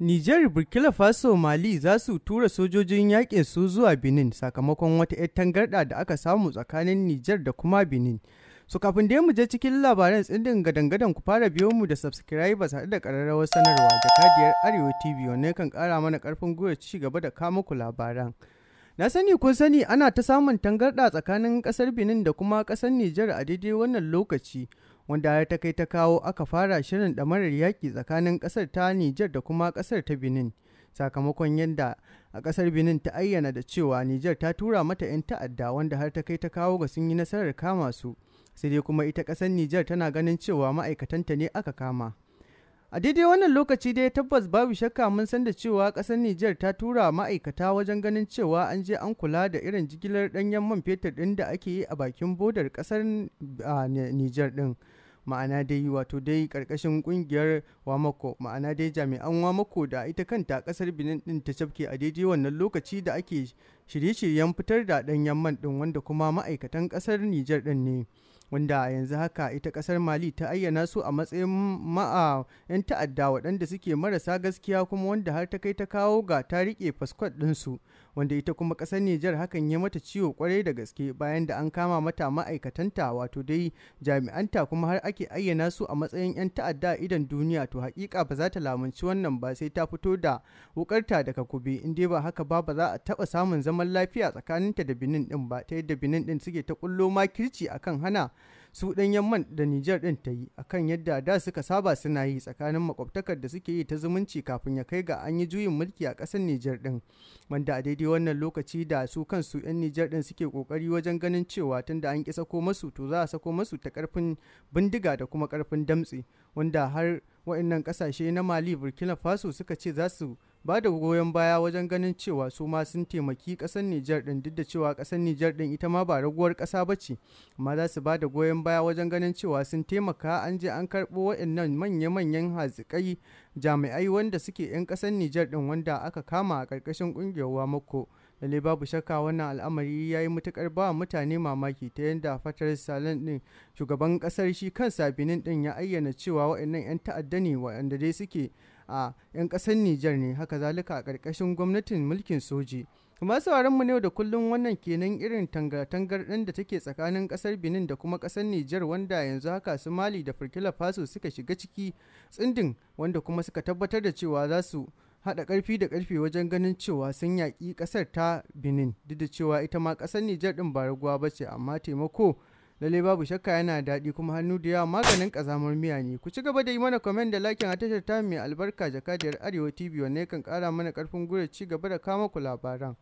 Nijar, Burkina Faso, Mali za su tura sojojin yakin su zuwa Benin sakamakon wata 'yar tangarɗa da aka samu tsakanin Nijar da kuma Benin. So kafin dai mu je cikin labaran tsindin gadan-gadan ku fara biyo mu da subscribers haɗu da ƙararrawar sanarwa jakadiyar Arewa TV wanne kan ƙara mana ƙarfin gwiwa ci gaba da kawo muku labaran. Na sani kun sani ana ta samun tangarɗa tsakanin ƙasar Benin da kuma ƙasar Nijar a daidai wannan lokaci. wanda ya ta kai ta kawo aka fara shirin damarar yaƙi tsakanin ƙasar ta Nijar da kuma ƙasar ta Benin. Sakamakon yadda a ƙasar Benin ta ayyana da cewa Nijar ta tura mata 'yan ta'adda wanda har ta kai ta kawo ga sun yi nasarar kama su. Sai dai kuma ita ƙasar Nijar tana ganin cewa ma'aikatanta ne aka kama. a daidai wannan lokaci dai tabbas babu shakka mun san da cewa ƙasar Nijar ta tura ma'aikata wajen ganin cewa an je an kula da irin jigilar ɗanyen man fetur ɗin da ake yi a bakin bodar ƙasar Nijar ɗin. ma'ana dai wato dai karkashin kungiyar wamako ma'ana dai jami'an wamako da ita kanta kasar benin din ta cafke a daidai wannan lokaci da ake shirye-shiryen fitar da dan man din wanda kuma ma'aikatan kasar niger din ne wanda yanzu haka ita kasar mali ta ayyana su a matsayin ma'a 'yan ta'adda waɗanda suke marasa gaskiya kuma wanda har ta kai ta kawo ga ta riƙe faskwat ɗinsu wanda ita kuma ƙasar Nijar hakan ya mata ciwo kwarai da gaske bayan da an kama mata ma'aikatanta wato dai jami'anta kuma har ake ayyana su a matsayin 'yan ta'adda idan duniya to hakika ba za ta lamunci wannan ba sai ta fito da wukarta daga kube in dai ba haka ba ba za a taba samun zaman lafiya tsakaninta da Benin din ba ta yadda Benin din suke ta kullo makirci akan hana su ɗan yamman da Nijar ɗin ta yi akan yadda da suka saba suna yi tsakanin makwabtakar da suke yi ta zumunci kafin ya kai ga an yi juyin mulki a ƙasar Nijar ɗin wanda a daidai wannan lokaci da su kansu 'yan Nijar ɗin suke ƙoƙari wajen ganin cewa tunda an ƙi sako masu to za a sako masu ta ƙarfin bindiga da kuma ƙarfin damtse wanda har waɗannan ƙasashe na Mali Burkina Faso suka ce za su ba da goyon baya wajen ganin cewa su ma sun taimaki kasar Nijar din duk da cewa kasar Nijar din ita ma ba raguwar kasa ba ce amma za su ba da goyon baya wajen ganin cewa sun taimaka an je an karɓo waɗannan manya-manyan hazikai jami'ai wanda suke 'yan kasar Nijar din wanda aka kama a ƙarƙashin ƙungiyar Wamako. lalle babu shakka wannan al'amari ya yi matukar ba mutane mamaki ta yadda fatar salon din shugaban ƙasar shi kansa binin din ya ayyana cewa waɗannan 'yan ta'adda ne waɗanda dai suke a 'yan kasar Nijar ne haka zalika a ƙarƙashin gwamnatin mulkin soji. Kuma sauraron mu ne da kullum wannan kenan irin tangar-tangar ɗin da take tsakanin ƙasar Benin da kuma ƙasar Nijar wanda yanzu haka su Mali da firkila Faso suka shiga ciki tsindin wanda kuma suka tabbatar da cewa za su haɗa ƙarfi da ƙarfi wajen ganin cewa sun yaƙi ƙasar ta Benin duk da cewa ita ma ƙasar Nijar ɗin ba raguwa bace amma taimako lalle babu shakka yana daɗi kuma hannu da yawa maganin ƙazamar miya ne ku ci gaba da yi mana comment da lakin a tashar ta mai albarka jakadiyar arewa tv wanne kan ƙara mana ƙarfin gwiwa ci gaba da kama ku labaran